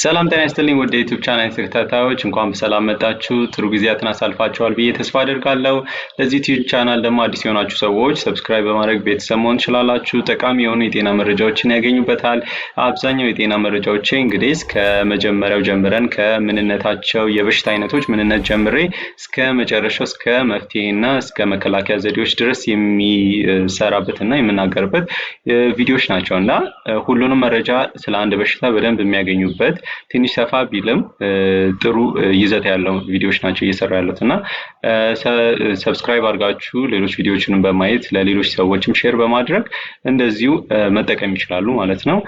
ሰላም ጤና ይስጥልኝ ወደ ዩቱብ ቻናል ተከታታዮች እንኳን በሰላም መጣችሁ። ጥሩ ጊዜያትን አሳልፋችኋል ብዬ ተስፋ አደርጋለሁ። ለዚህ ዩቱብ ቻናል ደግሞ አዲስ የሆናችሁ ሰዎች ሰብስክራይብ በማድረግ ቤተሰብ መሆን ትችላላችሁ። ጠቃሚ የሆኑ የጤና መረጃዎችን ያገኙበታል። አብዛኛው የጤና መረጃዎች እንግዲህ እስከ መጀመሪያው ጀምረን ከምንነታቸው የበሽታ አይነቶች ምንነት ጀምሬ እስከ መጨረሻው እስከ መፍትሄና እስከ መከላከያ ዘዴዎች ድረስ የሚሰራበትና የምናገርበት ቪዲዮዎች ናቸው እና ሁሉንም መረጃ ስለ አንድ በሽታ በደንብ የሚያገኙበት ትንሽ ሰፋ ቢልም ጥሩ ይዘት ያለው ቪዲዮዎች ናቸው እየሰራ ያሉት እና ሰብስክራይብ አድርጋችሁ ሌሎች ቪዲዮዎችንም በማየት ለሌሎች ሰዎችም ሼር በማድረግ እንደዚሁ መጠቀም ይችላሉ ማለት ነው።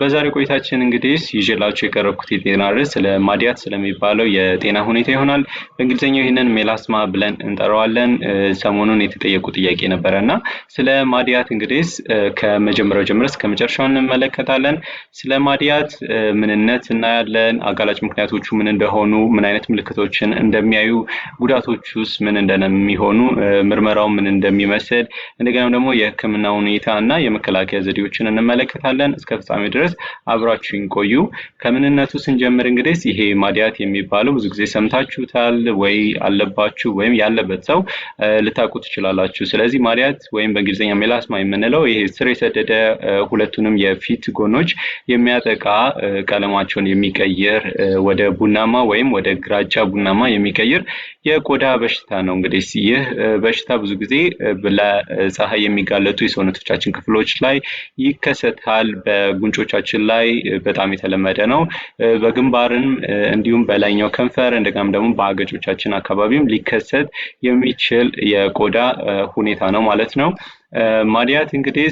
በዛሬ ቆይታችን እንግዲህ ይዤላችሁ የቀረብኩት የጤና ርዕስ ለማዲያት ስለሚባለው የጤና ሁኔታ ይሆናል። በእንግሊዝኛው ይህንን ሜላስማ ብለን እንጠራዋለን። ሰሞኑን የተጠየቁ ጥያቄ ነበረ እና ስለ ማዲያት እንግዲህ ከመጀመሪያው ጀምረ እስከ መጨረሻው እንመለከታለን። ስለ ማዲያት ምንነት ምክንያት እናያለን። አጋላጭ ምክንያቶቹ ምን እንደሆኑ፣ ምን አይነት ምልክቶችን እንደሚያዩ፣ ጉዳቶች ውስጥ ምን እንደሚሆኑ፣ ምርመራው ምን እንደሚመስል፣ እንደገናም ደግሞ የሕክምና ሁኔታ እና የመከላከያ ዘዴዎችን እንመለከታለን። እስከ ፍጻሜ ድረስ አብራችሁን ቆዩ። ከምንነቱ ስንጀምር እንግዲህ ይሄ ማዲያት የሚባለው ብዙ ጊዜ ሰምታችሁታል ወይ አለባችሁ ወይም ያለበት ሰው ልታውቁ ትችላላችሁ። ስለዚህ ማዲያት ወይም በእንግሊዝኛ ሜላስማ የምንለው ይሄ ስር የሰደደ ሁለቱንም የፊት ጎኖች የሚያጠቃ ቀለማቸው ቆዳቸውን የሚቀይር ወደ ቡናማ ወይም ወደ ግራጫ ቡናማ የሚቀይር የቆዳ በሽታ ነው። እንግዲህ ይህ በሽታ ብዙ ጊዜ ለፀሐይ የሚጋለጡ የሰውነቶቻችን ክፍሎች ላይ ይከሰታል። በጉንጮቻችን ላይ በጣም የተለመደ ነው። በግንባርም እንዲሁም በላይኛው ከንፈር እንደገናም ደግሞ በአገጮቻችን አካባቢም ሊከሰት የሚችል የቆዳ ሁኔታ ነው ማለት ነው። ማዲያት እንግዲህ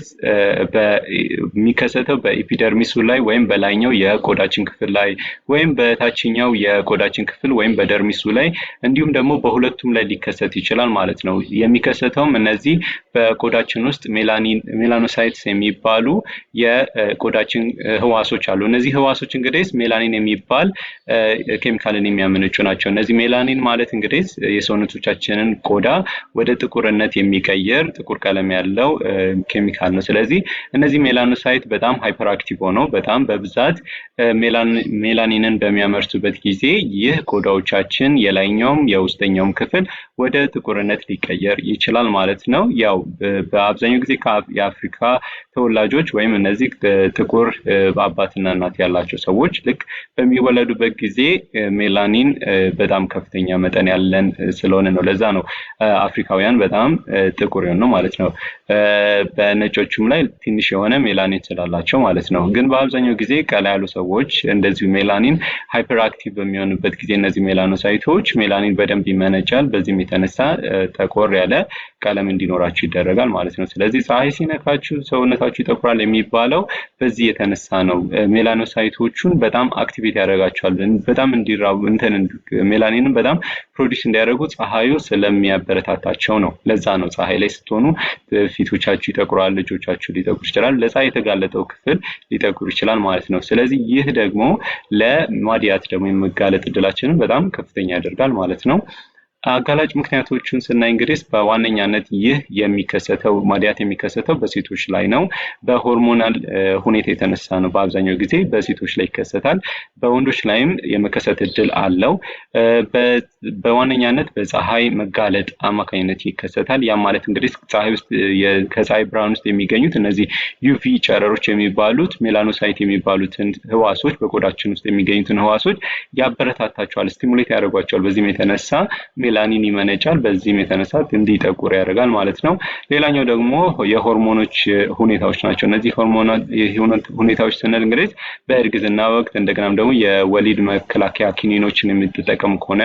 የሚከሰተው በኢፒደርሚሱ ላይ ወይም በላይኛው የቆዳችን ክፍል ላይ ወይም በታችኛው የቆዳችን ክፍል ወይም በደርሚሱ ላይ እንዲሁም ደግሞ በሁለቱም ላይ ሊከሰት ይችላል ማለት ነው። የሚከሰተውም እነዚህ በቆዳችን ውስጥ ሜላኖሳይትስ የሚባሉ የቆዳችን ህዋሶች አሉ። እነዚህ ህዋሶች እንግዲህ ሜላኒን የሚባል ኬሚካልን የሚያመነጩ ናቸው። እነዚህ ሜላኒን ማለት እንግዲህ የሰውነቶቻችንን ቆዳ ወደ ጥቁርነት የሚቀይር ጥቁር ቀለም ያለ ያለው ኬሚካል ነው። ስለዚህ እነዚህ ሜላኖሳይት በጣም ሃይፐር አክቲቭ ሆነው በጣም በብዛት ሜላኒንን በሚያመርቱበት ጊዜ ይህ ቆዳዎቻችን የላይኛውም የውስጠኛውም ክፍል ወደ ጥቁርነት ሊቀየር ይችላል ማለት ነው። ያው በአብዛኛው ጊዜ የአፍሪካ ተወላጆች ወይም እነዚህ ጥቁር አባትና እናት ያላቸው ሰዎች ልክ በሚወለዱበት ጊዜ ሜላኒን በጣም ከፍተኛ መጠን ያለን ስለሆነ ነው። ለዛ ነው አፍሪካውያን በጣም ጥቁር ነው ማለት ነው። በነጮቹም ላይ ትንሽ የሆነ ሜላኒን ስላላቸው ማለት ነው። ግን በአብዛኛው ጊዜ ቀላ ያሉ ሰዎች እንደዚሁ ሜላኒን ሃይፐር አክቲቭ በሚሆንበት ጊዜ እነዚህ ሜላኖሳይቶች ሜላኒን በደንብ ይመነጫል። በዚህም የተነሳ ጠቆር ያለ ቀለም እንዲኖራቸው ይደረጋል ማለት ነው። ስለዚህ ፀሐይ ሲነካችሁ ሰውነታችሁ ይጠቁራል የሚባለው በዚህ የተነሳ ነው። ሜላኖሳይቶቹን በጣም አክቲቬት ያደርጋቸዋል። በጣም እንዲራቡ እንትን በጣም ፕሮዲስ እንዲያደርጉ ፀሐዩ ስለሚያበረታታቸው ነው። ለዛ ነው ፀሐይ ላይ ስትሆኑ ፊቶቻችሁ ይጠቁራል፣ እጆቻችሁ ሊጠቁር ይችላል፣ ለፀሐይ የተጋለጠው ክፍል ሊጠቁር ይችላል ማለት ነው። ስለዚህ ይህ ደግሞ ለማዲያት ደግሞ የመጋለጥ እድላችንን በጣም ከፍተኛ ያደርጋል ማለት ነው። አጋላጭ ምክንያቶቹን ስናይ እንግዲህ በዋነኛነት ይህ የሚከሰተው ማዲያት የሚከሰተው በሴቶች ላይ ነው። በሆርሞናል ሁኔታ የተነሳ ነው። በአብዛኛው ጊዜ በሴቶች ላይ ይከሰታል። በወንዶች ላይም የመከሰት እድል አለው። በዋነኛነት በፀሐይ መጋለጥ አማካኝነት ይከሰታል። ያም ማለት እንግዲህ ፀሐይ ውስጥ ከፀሐይ ብርሃን ውስጥ የሚገኙት እነዚህ ዩቪ ጨረሮች የሚባሉት ሜላኖሳይት የሚባሉትን ህዋሶች በቆዳችን ውስጥ የሚገኙትን ህዋሶች ያበረታታቸዋል፣ ስቲሙሌት ያደርጓቸዋል። በዚህም የተነሳ ሜላኒን ይመነጫል። በዚህም የተነሳ እንዲጠቁር ያደርጋል ማለት ነው። ሌላኛው ደግሞ የሆርሞኖች ሁኔታዎች ናቸው። እነዚህ ሁኔታዎች ስንል እንግዲህ በእርግዝና ወቅት እንደገናም ደግሞ የወሊድ መከላከያ ኪኒኖችን የምትጠቀም ከሆነ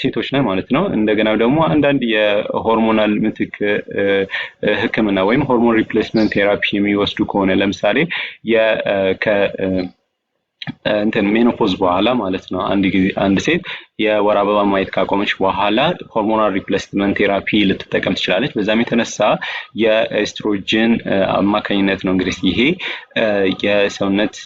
ሴቶች ነን ማለት ነው። እንደገናም ደግሞ አንዳንድ የሆርሞናል ምትክ ሕክምና ወይም ሆርሞን ሪፕሌስመንት ቴራፒ የሚወስዱ ከሆነ ለምሳሌ እንትን ሜኖፖዝ በኋላ ማለት ነው አንድ ጊዜ አንድ ሴት የወር አበባ ማየት ካቆመች በኋላ ሆርሞናል ሪፕሌስመንት ቴራፒ ልትጠቀም ትችላለች። በዛም የተነሳ የኤስትሮጅን አማካኝነት ነው እንግዲህ ይሄ የሰውነት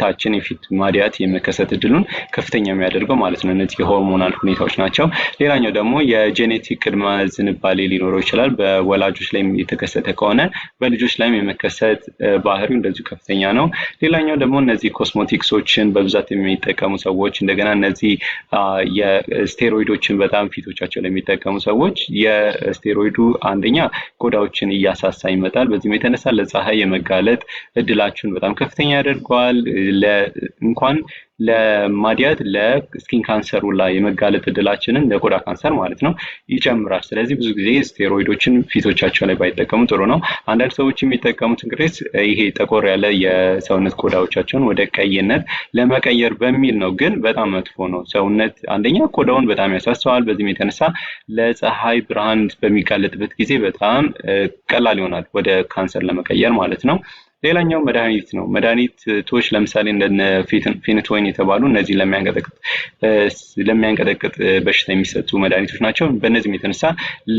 ታችን የፊት ማዲያት የመከሰት እድሉን ከፍተኛ የሚያደርገው ማለት ነው። እነዚህ የሆርሞናል ሁኔታዎች ናቸው። ሌላኛው ደግሞ የጄኔቲክ ቅድመ ዝንባሌ ሊኖረው ይችላል። በወላጆች ላይም የተከሰተ ከሆነ በልጆች ላይም የመከሰት ባህሪው እንደዚሁ ከፍተኛ ነው። ሌላኛው ደግሞ እነዚህ ኮስሞቲክሶችን በብዛት የሚጠቀሙ ሰዎች እንደገና እነዚህ የስቴሮይዶችን በጣም ፊቶቻቸው ለሚጠቀሙ ሰዎች የስቴሮይዱ አንደኛ ቆዳዎችን እያሳሳ ይመጣል። በዚህም የተነሳ ለፀሐይ የመጋለጥ እድላችሁን በጣም ከፍተኛ ያደርገዋል። እንኳን ለማዲያት ለስኪን ካንሰሩ ላይ የመጋለጥ እድላችንን ለቆዳ ካንሰር ማለት ነው ይጨምራል። ስለዚህ ብዙ ጊዜ ስቴሮይዶችን ፊቶቻቸው ላይ ባይጠቀሙ ጥሩ ነው። አንዳንድ ሰዎች የሚጠቀሙት እንግዲህ ይሄ ጠቆር ያለ የሰውነት ቆዳዎቻቸውን ወደ ቀይነት ለመቀየር በሚል ነው። ግን በጣም መጥፎ ነው። ሰውነት አንደኛ ቆዳውን በጣም ያሳሰዋል። በዚህም የተነሳ ለፀሐይ ብርሃን በሚጋለጥበት ጊዜ በጣም ቀላል ይሆናል ወደ ካንሰር ለመቀየር ማለት ነው። ሌላኛው መድኃኒት ነው። መድኃኒቶች ለምሳሌ እንደ ፌንትወይን የተባሉ እነዚህ ለሚያንቀጠቅጥ በሽታ የሚሰጡ መድኃኒቶች ናቸው። በእነዚህም የተነሳ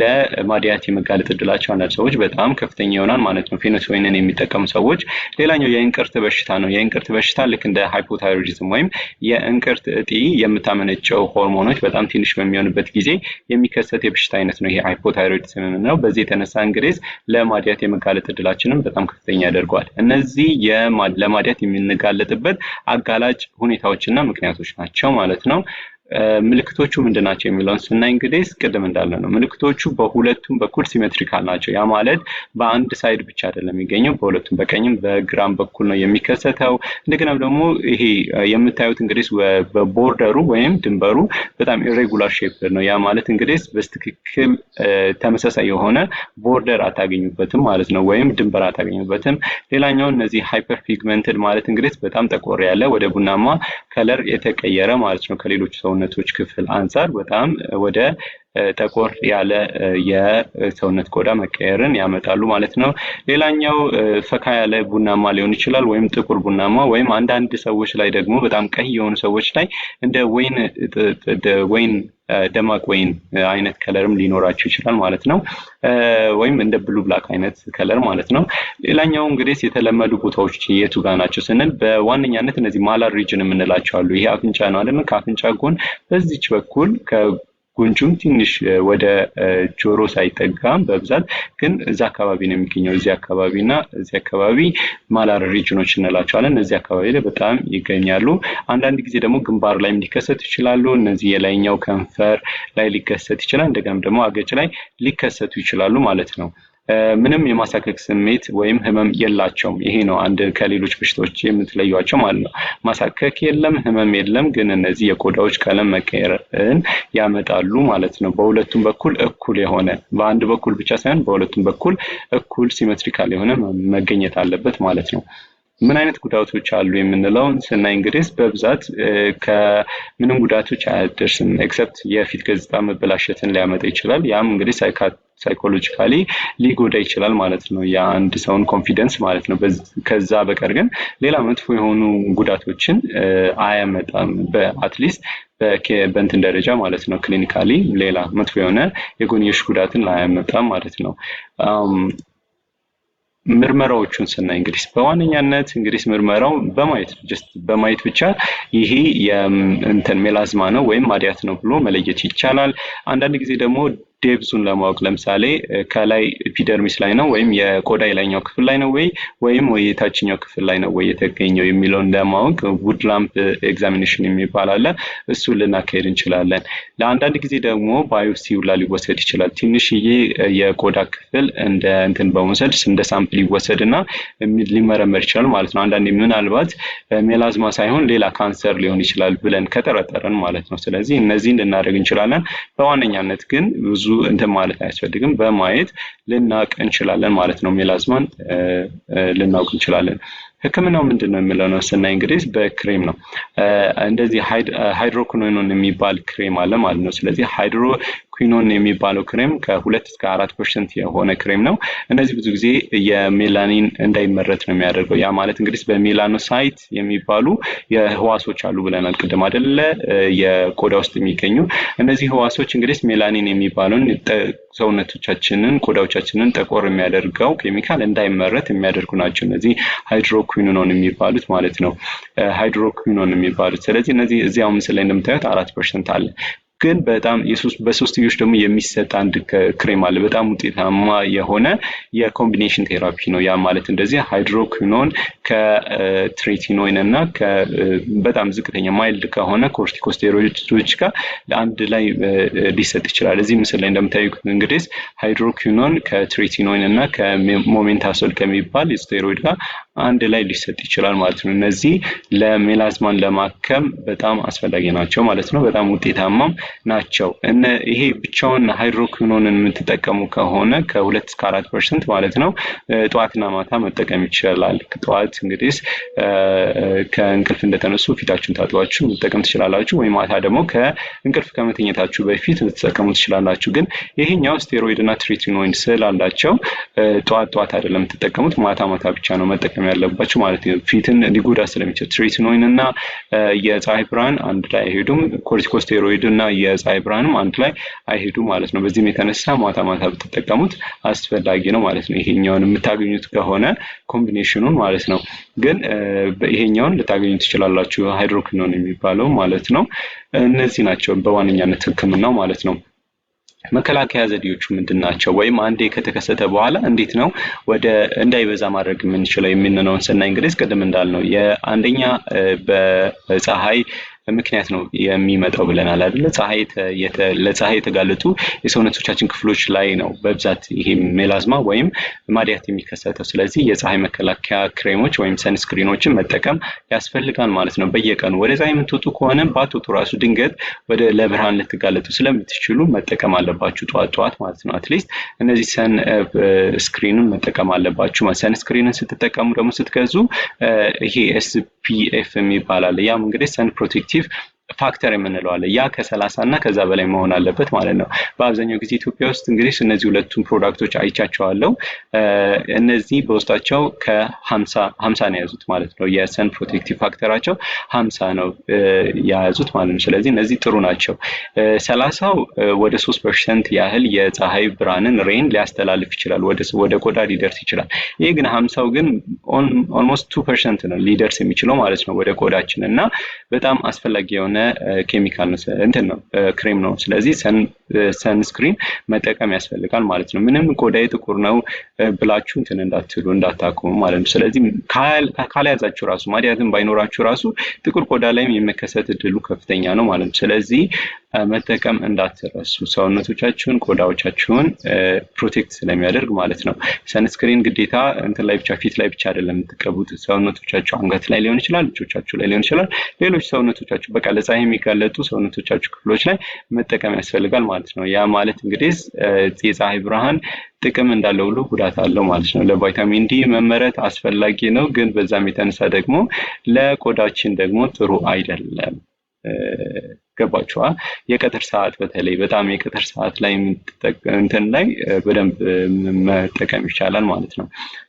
ለማድያት የመጋለጥ እድላቸው አንዳንድ ሰዎች በጣም ከፍተኛ ይሆናል ማለት ነው፣ ፌንትወይንን የሚጠቀሙ ሰዎች። ሌላኛው የእንቅርት በሽታ ነው። የእንቅርት በሽታ ልክ እንደ ሃይፖታይሮዲዝም ወይም የእንቅርት እጢ የምታመነጨው ሆርሞኖች በጣም ትንሽ በሚሆንበት ጊዜ የሚከሰት የበሽታ አይነት ነው። ይሄ ሃይፖታይሮዲዝም የምንለው በዚህ የተነሳ እንግዲህ ለማድያት የመጋለጥ እድላችንም በጣም ከፍተኛ ያደርገዋል። እነዚህ ለማድያት የምንጋለጥበት አጋላጭ ሁኔታዎችና ምክንያቶች ናቸው ማለት ነው። ምልክቶቹ ምንድን ናቸው የሚለውን ስናይ እንግዲህ ቅድም እንዳለ ነው። ምልክቶቹ በሁለቱም በኩል ሲሜትሪካል ናቸው። ያ ማለት በአንድ ሳይድ ብቻ አይደለም የሚገኘው፣ በሁለቱም በቀኝም በግራም በኩል ነው የሚከሰተው። እንደገናም ደግሞ ይሄ የምታዩት እንግዲህ በቦርደሩ ወይም ድንበሩ በጣም ኢሬጉላር ሼፕ ነው። ያ ማለት እንግዲህ በስትክክል ተመሳሳይ የሆነ ቦርደር አታገኙበትም ማለት ነው፣ ወይም ድንበር አታገኙበትም። ሌላኛው እነዚህ ሃይፐር ፒግመንትድ ማለት እንግዲህ በጣም ጠቆር ያለ ወደ ቡናማ ከለር የተቀየረ ማለት ነው ከሌሎች ሰውነ የሰውነቶች ክፍል አንጻር በጣም ወደ ጠቆር ያለ የሰውነት ቆዳ መቀየርን ያመጣሉ ማለት ነው። ሌላኛው ፈካ ያለ ቡናማ ሊሆን ይችላል ወይም ጥቁር ቡናማ ወይም አንዳንድ ሰዎች ላይ ደግሞ በጣም ቀይ የሆኑ ሰዎች ላይ እንደ ወይን ወይን ደማቅ ወይን አይነት ከለርም ሊኖራቸው ይችላል ማለት ነው። ወይም እንደ ብሉ ብላክ አይነት ከለር ማለት ነው። ሌላኛው እንግዲህ የተለመዱ ቦታዎች የቱ ጋር ናቸው ስንል በዋነኛነት እነዚህ ማላር ሪጅን የምንላቸው አሉ። ይሄ አፍንጫ ነው አይደል? ከአፍንጫ ጎን በዚች በኩል ጉንጩም ትንሽ ወደ ጆሮ ሳይጠጋም በብዛት ግን እዚ አካባቢ ነው የሚገኘው። እዚህ አካባቢ እና እዚህ አካባቢ ማላር ሪጅኖች እንላቸዋለን። እዚህ አካባቢ ላይ በጣም ይገኛሉ። አንዳንድ ጊዜ ደግሞ ግንባር ላይም ሊከሰት ይችላሉ። እነዚህ የላይኛው ከንፈር ላይ ሊከሰት ይችላል። እንደገናም ደግሞ አገጭ ላይ ሊከሰቱ ይችላሉ ማለት ነው። ምንም የማሳከክ ስሜት ወይም ህመም የላቸውም። ይሄ ነው አንድ ከሌሎች በሽታዎች የምትለዩቸው ማለት ነው። ማሳከክ የለም፣ ህመም የለም። ግን እነዚህ የቆዳዎች ቀለም መቀየርን ያመጣሉ ማለት ነው። በሁለቱም በኩል እኩል የሆነ በአንድ በኩል ብቻ ሳይሆን በሁለቱም በኩል እኩል ሲሜትሪካል የሆነ መገኘት አለበት ማለት ነው። ምን አይነት ጉዳቶች አሉ የምንለውን ስናይ እንግዲህ በብዛት ከምንም ጉዳቶች አያደርስም፣ ኤክሰፕት የፊት ገጽታ መበላሸትን ሊያመጣ ይችላል። ያም እንግዲህ ሳይኮሎጂካሊ ሊጎዳ ይችላል ማለት ነው፣ የአንድ ሰውን ኮንፊደንስ ማለት ነው። ከዛ በቀር ግን ሌላ መጥፎ የሆኑ ጉዳቶችን አያመጣም። በአትሊስት በእንትን ደረጃ ማለት ነው፣ ክሊኒካሊ ሌላ መጥፎ የሆነ የጎንዮሽ ጉዳትን ላያመጣም ማለት ነው። ምርመራዎቹን ስናይ እንግዲህ በዋነኛነት እንግዲህ ምርመራው በማየት ጀስት በማየት ብቻ ይሄ የእንትን ሜላዝማ ነው ወይም ማዲያት ነው ብሎ መለየት ይቻላል። አንዳንድ ጊዜ ደግሞ ዴቭዙን ለማወቅ ለምሳሌ ከላይ ኢፒደርሚስ ላይ ነው ወይም የቆዳ የላይኛው ክፍል ላይ ነው ወይ ወይም ወይ የታችኛው ክፍል ላይ ነው ወይ የተገኘው የሚለውን ለማወቅ ውድ ላምፕ ኤግዛሚኔሽን የሚባል አለ። እሱ ልናካሄድ እንችላለን። ለአንዳንድ ጊዜ ደግሞ ባዮፕሲ ውላ ሊወሰድ ይችላል። ትንሽዬ የቆዳ ክፍል እንደ እንትን በመውሰድ እንደ ሳምፕል ይወሰድ እና ሊመረመር ይችላል ማለት ነው። አንዳንዴ ምናልባት ሜላዝማ ሳይሆን ሌላ ካንሰር ሊሆን ይችላል ብለን ከጠረጠረን ማለት ነው። ስለዚህ እነዚህን ልናደርግ እንችላለን። በዋነኛነት ግን ብዙ እንትን ማለት አያስፈልግም። በማየት ልናውቅ እንችላለን ማለት ነው። ሜላዝማን ልናውቅ እንችላለን። ህክምናው ምንድን ነው የሚለው ነው ስናይ እንግዲህ በክሬም ነው። እንደዚህ ሃይድሮኮኖኖን የሚባል ክሬም አለ ማለት ነው። ስለዚህ ሃይድሮ ኩኖን የሚባለው ክሬም ከሁለት እስከ አራት ፐርሰንት የሆነ ክሬም ነው። እነዚህ ብዙ ጊዜ የሜላኒን እንዳይመረት ነው የሚያደርገው። ያ ማለት እንግዲህ በሜላኖሳይት የሚባሉ የህዋሶች አሉ ብለናል ቅድም አደለ? የቆዳ ውስጥ የሚገኙ እነዚህ ህዋሶች እንግዲህ ሜላኒን የሚባለውን ሰውነቶቻችንን ቆዳዎቻችንን ጠቆር የሚያደርገው ኬሚካል እንዳይመረት የሚያደርጉ ናቸው። እነዚህ ሃይድሮኩዊኖን የሚባሉት ማለት ነው። ሃይድሮኩኖን የሚባሉት ስለዚህ እነዚህ እዚያው ምስል ላይ እንደምታዩት አራት ፐርሰንት አለ ግን በጣም በሶስትዮሽ ደግሞ የሚሰጥ አንድ ክሬም አለ። በጣም ውጤታማ የሆነ የኮምቢኔሽን ቴራፒ ነው። ያ ማለት እንደዚህ ሃይድሮኪኖን ከትሬቲኖይን እና በጣም ዝቅተኛ ማይልድ ከሆነ ኮርቲኮስቴሮይዶች ጋር አንድ ላይ ሊሰጥ ይችላል። እዚህ ምስል ላይ እንደምታዩት እንግዲህ ሃይድሮኪኖን ከትሬቲኖይን እና ከሞሜንታሶል ከሚባል ስቴሮይድ ጋር አንድ ላይ ሊሰጥ ይችላል ማለት ነው። እነዚህ ለሜላዝማን ለማከም በጣም አስፈላጊ ናቸው ማለት ነው። በጣም ውጤታማም ናቸው። ይሄ ብቻውን ሃይድሮኪኖንን የምትጠቀሙ ከሆነ ከሁለት እስከ አራት ፐርሰንት ማለት ነው ጠዋትና ማታ መጠቀም ይችላል። ጠዋት እንግዲህ ከእንቅልፍ እንደተነሱ ፊታችሁን ታጥባችሁ መጠቀም ትችላላችሁ፣ ወይም ማታ ደግሞ ከእንቅልፍ ከመተኘታችሁ በፊት ልትጠቀሙ ትችላላችሁ። ግን ይሄኛው ስቴሮይድ እና ትሪትሪኖይድ ስላላቸው ጠዋት ጠዋት አይደለም የምትጠቀሙት፣ ማታ ማታ ብቻ ነው መጠቀም መጠቀም ያለባቸው ማለት ነው። ፊትን ሊጎዳ ስለሚችል ትሬቲኖይን እና የፀሐይ ብርሃን አንድ ላይ አይሄዱም። ኮርቲኮስቴሮይድ እና የፀሐይ ብርሃንም አንድ ላይ አይሄዱም ማለት ነው። በዚህም የተነሳ ማታ ማታ ብትጠቀሙት አስፈላጊ ነው ማለት ነው። ይሄኛውን የምታገኙት ከሆነ ኮምቢኔሽኑን ማለት ነው። ግን ይሄኛውን ልታገኙ ትችላላችሁ፣ ሃይድሮኪኖን የሚባለው ማለት ነው። እነዚህ ናቸው በዋነኛነት ህክምናው ማለት ነው። መከላከያ ዘዴዎቹ ምንድን ናቸው? ወይም አንዴ ከተከሰተ በኋላ እንዴት ነው ወደ እንዳይበዛ ማድረግ የምንችለው የሚንነውን ስናይ እንግዲህ ቅድም እንዳልነው የአንደኛ በፀሐይ ምክንያት ነው የሚመጣው ብለናል አይደለ? ለፀሐይ የተጋለጡ የሰውነቶቻችን ክፍሎች ላይ ነው በብዛት ይሄ ሜላዝማ ወይም ማዲያት የሚከሰተው። ስለዚህ የፀሐይ መከላከያ ክሬሞች ወይም ሰንስክሪኖችን መጠቀም ያስፈልጋል ማለት ነው በየቀኑ ወደ ፀሐይ የምትወጡ ከሆነ ባትወጡ ራሱ ድንገት ወደ ለብርሃን ልትጋለጡ ስለምትችሉ መጠቀም አለባችሁ ጠዋት ጠዋት ማለት ነው። አትሊስት እነዚህ ሰን ስክሪንን መጠቀም አለባችሁ። ሰንስክሪንን ስትጠቀሙ ደግሞ ስትገዙ ይሄ ኤስፒኤፍ የሚባላል ያም እንግዲህ ሰን ፕሮቴክት effective ፋክተር የምንለው አለ። ያ ከሰላሳ እና ከዛ በላይ መሆን አለበት ማለት ነው። በአብዛኛው ጊዜ ኢትዮጵያ ውስጥ እንግዲህ እነዚህ ሁለቱም ፕሮዳክቶች አይቻቸዋለው። እነዚህ በውስጣቸው ከሀምሳ ነው የያዙት ማለት ነው። የሰን ፕሮቴክቲቭ ፋክተራቸው ሀምሳ ነው የያዙት ማለት ነው። ስለዚህ እነዚህ ጥሩ ናቸው። ሰላሳው ወደ ሶስት ፐርሰንት ያህል የፀሐይ ብርሃንን ሬን ሊያስተላልፍ ይችላል፣ ወደ ቆዳ ሊደርስ ይችላል። ይህ ግን ሀምሳው ግን ኦልሞስት ቱ ፐርሰንት ነው ሊደርስ የሚችለው ማለት ነው ወደ ቆዳችን እና በጣም አስፈላጊ የሆነ የሆነ ኬሚካል ነው እንትን ነው ክሬም ነው። ስለዚህ ሰን ሰንስክሪን መጠቀም ያስፈልጋል ማለት ነው። ምንም ቆዳዬ ጥቁር ነው ብላችሁ እንትን እንዳትሉ እንዳታቁሙ ማለት ነው። ስለዚህ ካልያዛችሁ ራሱ ማዲያትን ባይኖራችሁ ራሱ ጥቁር ቆዳ ላይም የመከሰት እድሉ ከፍተኛ ነው ማለት ነው። ስለዚህ መጠቀም እንዳትረሱ ሰውነቶቻችሁን ቆዳዎቻችሁን ፕሮቴክት ስለሚያደርግ ማለት ነው። ሰንስክሪን ግዴታ እንትን ላይ ብቻ ፊት ላይ ብቻ አይደለም የምትቀቡት ሰውነቶቻችሁ አንገት ላይ ሊሆን ይችላል፣ እጆቻችሁ ላይ ሊሆን ይችላል፣ ሌሎች ሰውነቶቻችሁ በቃ ለፀሐይ የሚጋለጡ ሰውነቶቻችሁ ክፍሎች ላይ መጠቀም ያስፈልጋል ማለት ነው። ማለት ነው። ያ ማለት እንግዲህ የፀሐይ ብርሃን ጥቅም እንዳለው ሁሉ ጉዳት አለው ማለት ነው። ለቫይታሚን ዲ መመረት አስፈላጊ ነው፣ ግን በዛም የተነሳ ደግሞ ለቆዳችን ደግሞ ጥሩ አይደለም። ገባችኋል የቀትር ሰዓት በተለይ በጣም የቀትር ሰዓት ላይ እንትን ላይ በደንብ መጠቀም ይቻላል ማለት ነው።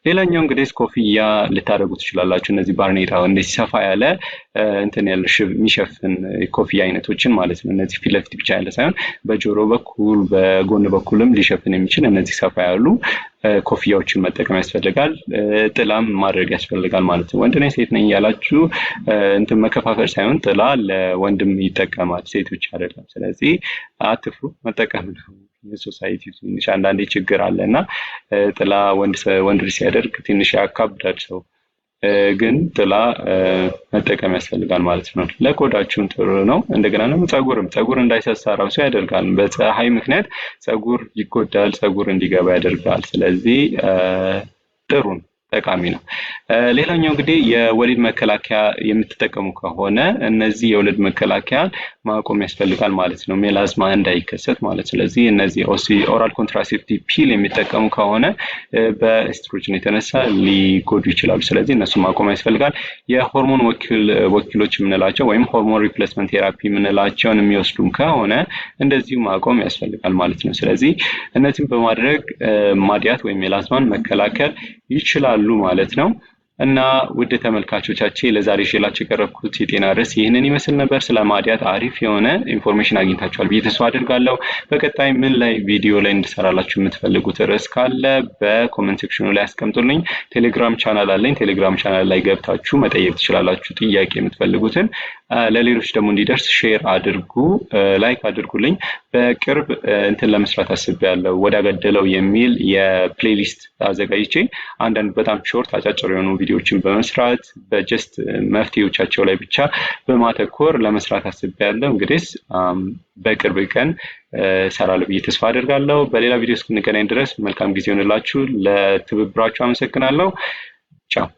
ሌላኛው እንግዲህ ኮፍያ ልታደርጉ ትችላላችሁ። እነዚህ ባርኔጣ፣ እንደዚህ ሰፋ ያለ እንትን ያለ የሚሸፍን ኮፍያ አይነቶችን ማለት ነው። እነዚህ ፊት ለፊት ብቻ ያለ ሳይሆን በጆሮ በኩል በጎን በኩልም ሊሸፍን የሚችል እነዚህ ሰፋ ያሉ ኮፍያዎችን መጠቀም ያስፈልጋል። ጥላም ማድረግ ያስፈልጋል ማለት ነው። ወንድ ነኝ ሴት ነኝ ያላችሁ እንትን መከፋፈል ሳይሆን ጥላ ለወንድም ይጠቀማል ማለት ሴቶች አይደለም። ስለዚህ አትፍሩ፣ መጠቀም ነው። ሶሳይቲ ትንሽ አንዳንዴ ችግር አለ እና ጥላ ወንድ ሲያደርግ ትንሽ ያካብዳል ሰው ግን ጥላ መጠቀም ያስፈልጋል ማለት ነው። ለቆዳችሁን ጥሩ ነው። እንደገና ደግሞ ፀጉርም ፀጉር እንዳይሰሳ ራሱ ያደርጋል። በፀሐይ ምክንያት ፀጉር ይጎዳል፣ ፀጉር እንዲገባ ያደርጋል። ስለዚህ ጥሩ ነው። ጠቃሚ ነው። ሌላኛው እንግዲህ የወሊድ መከላከያ የምትጠቀሙ ከሆነ እነዚህ የወሊድ መከላከያን ማቆም ያስፈልጋል ማለት ነው፣ ሜላዝማ እንዳይከሰት ማለት። ስለዚህ እነዚህ ኦራል ኮንትራሴፕቲ ፒል የሚጠቀሙ ከሆነ በኤስትሮጅን የተነሳ ሊጎዱ ይችላሉ። ስለዚህ እነሱ ማቆም ያስፈልጋል። የሆርሞን ወኪሎች የምንላቸው ወይም ሆርሞን ሪፕሌስመንት ቴራፒ የምንላቸውን የሚወስዱም ከሆነ እንደዚሁ ማቆም ያስፈልጋል ማለት ነው። ስለዚህ እነዚህም በማድረግ ማድያት ወይም ሜላዝማን መከላከል ይችላሉ አሉ ማለት ነው። እና ውድ ተመልካቾቻችን ለዛሬ ሼላችሁ የቀረብኩት የጤና ርዕስ ይህንን ይመስል ነበር። ስለ ማዲያት አሪፍ የሆነ ኢንፎርሜሽን አግኝታችኋል ብዬ ተስፋ አድርጋለሁ። በቀጣይ ምን ላይ ቪዲዮ ላይ እንድሰራላችሁ የምትፈልጉት ርዕስ ካለ በኮመንት ሴክሽኑ ላይ አስቀምጡልኝ። ቴሌግራም ቻናል አለኝ። ቴሌግራም ቻናል ላይ ገብታችሁ መጠየቅ ትችላላችሁ ጥያቄ የምትፈልጉትን። ለሌሎች ደግሞ እንዲደርስ ሼር አድርጉ፣ ላይክ አድርጉልኝ። በቅርብ እንትን ለመስራት አስቤያለሁ ወዳገደለው የሚል የፕሌሊስት አዘጋጅቼ አንዳንድ በጣም ሾርት አጫጭር የሆኑ ቪዲዮዎችን በመስራት በጀስት መፍትሄዎቻቸው ላይ ብቻ በማተኮር ለመስራት አስቤያለሁ። እንግዲህ በቅርብ ቀን እሰራለሁ ብዬ ተስፋ አደርጋለሁ። በሌላ ቪዲዮ እስክንገናኝ ድረስ መልካም ጊዜ ይሆንላችሁ። ለትብብራችሁ አመሰግናለሁ። ቻው